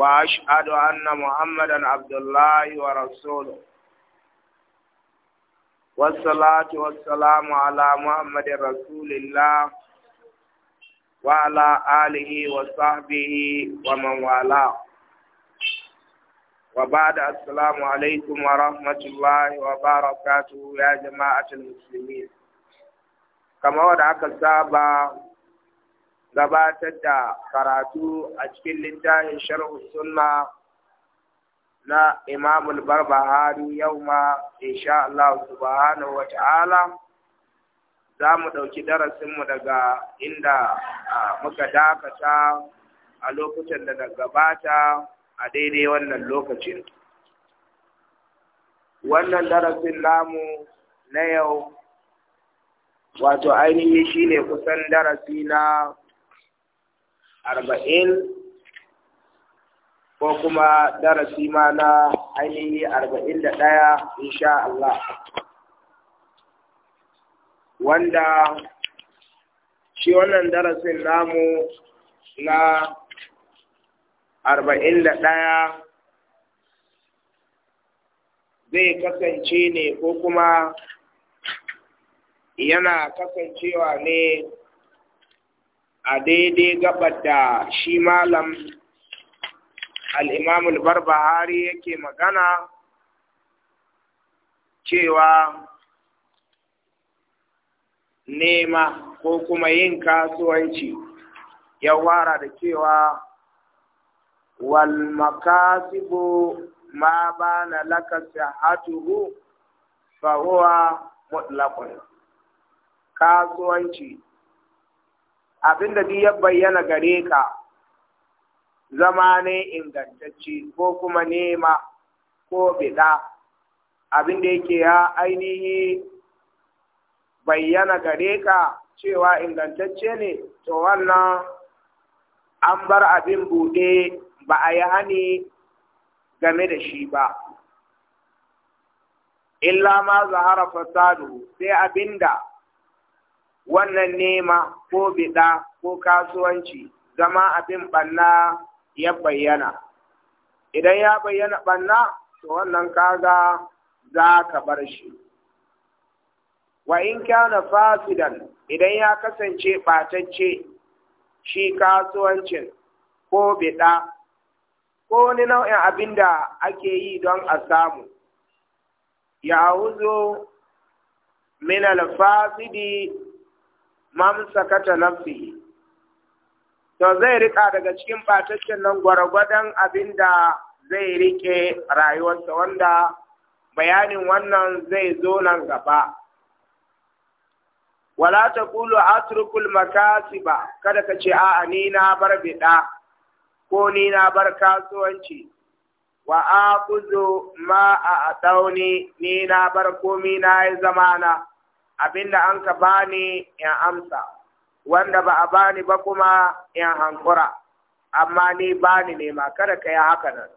Ku ashe ado hannu da Muhammadu da Abdullahi wa Rasuluhu. Wasu talatu wa alamu a Muhammadu Rasulillah wa ala'ani wa sahibin wa manufa. Wabayet da 'asalamu alaikum' wa rahmatullahi wa barakutu ya jama'a a Talmiz. Kamar aka saba. gabatar da karatu a cikin littafin sharhu sunna na Imam al-Barbahari yau ma insha Allah subhanahu wa ta'ala za mu ɗauki darasinmu daga inda muka dakata a lokutan da gabata a daidai wannan lokacin. Wannan darasin namu na yau wato ainihi shine kusan darasi na arba'in ko kuma darasi ma na ainihi arba'in da ɗaya insha Allah wanda shi wannan darasin namu na arba'in da ɗaya zai kasance ne ko kuma yana kasancewa ne a daidai gabar da shi malam al'imamul barbahari yake magana cewa nema ko kuma yin kasuwanci ya wara da cewa wal ma ba na laka sahatuhu fa huwa mutlaqun kasuwanci abin da ya bayyana gare ka zama ne ingantacce ko kuma nema ko bida abin da yake ya ainihi bayyana gare ka cewa ingantacce ne to wannan an bar abin buɗe ba a yi hani game da shi ba illa ma zahara fasadu sai abinda wannan nema ko biɗa ko kasuwanci zama abin banna ya bayyana idan ya bayyana banna, to wannan kaga za ka bar shi wa in kana fasidan idan ya kasance ɓatacce shi kasuwancin ko biɗa ko wani nau'in abin da ake yi don a samu ya huzo min fasidi? mamsakata nafsihi to zai rika daga cikin bataccen nan gwargwadon abinda zai rike rayuwarsa wanda bayanin wannan zai zo nan gaba wala ta kulu atrukul makasiba kada ka ce a'a ni na bar bida ko ni na bar kasuwanci wa akuzu ma a ni na bar komi na yi zamana abinda an ka bani in amsa wanda ba a bani ba kuma in hankura amma ni bani ne ma kada ka yi haka nan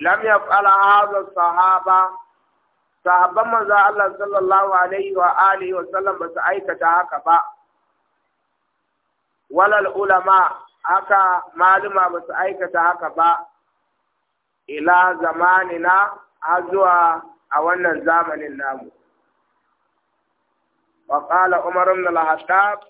lam fala hadha sahaba sahabban manzo Allah sallallahu alaihi wa alihi wa sallam ba su aikata haka ba walal ulama haka maluma ba su aikata haka ba ila zamanina har zuwa a wannan zamanin namu wa qala umar ibn